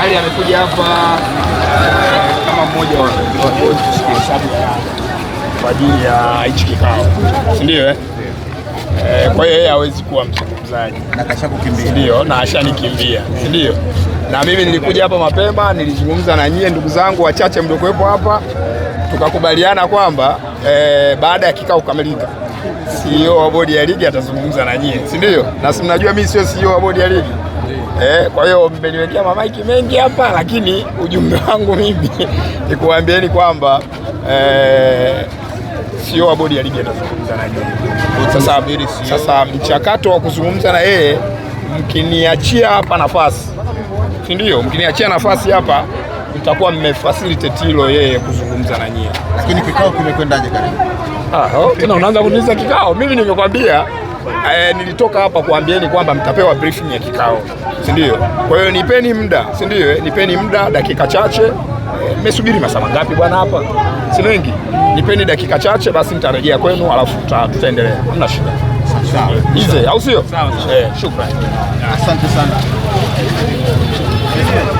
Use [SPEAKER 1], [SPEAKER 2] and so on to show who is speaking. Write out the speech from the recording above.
[SPEAKER 1] Ali amekuja hapa eh, kama mmoja wa hesabu kwa ajili ya hichi kikao, si ndio eh? eh kwa hiyo yeye hawezi kuwa mzungumzaji, na ashanikimbia si ndio? na mimi nilikuja hapa mapema, nilizungumza na nyie ndugu zangu wachache mliokuwepo hapa, tukakubaliana kwamba e, baada ya kikao kukamilika CEO wa bodi ya ligi atazungumza na nyie, si ndio? Na si mnajua mimi sio CEO wa bodi ya ligi eh, kwa hiyo mmeniwekea mamaiki mengi hapa, lakini ujumbe wangu mimi nikuambieni kwamba eh, CEO wa bodi ya ligi atazungumza na nyie. Sasa, sasa mchakato wa kuzungumza na yeye mkiniachia hapa nafasi si ndio? Mkiniachia nafasi hapa mtakuwa mmefacilitate hilo yeye kuzungumza na nyie.
[SPEAKER 2] Lakini kikao kimekwendaje karibu?
[SPEAKER 1] Ah, oh, tena unaanza kuniuliza kikao. Mimi nimekwambia eh, nilitoka hapa kuambieni kwamba mtapewa briefing ya kikao, si ndio? Kwa hiyo nipeni muda, si ndio? Eh, nipeni muda dakika chache. Eh, mmesubiri masaa mangapi bwana hapa? Si mengi. Nipeni dakika chache basi nitarejea kwenu alafu tutaendelea. Hamna shida.
[SPEAKER 2] Sawa. Au sio? Sawa. Eh,
[SPEAKER 1] shukrani. Asante sana. Şimdi.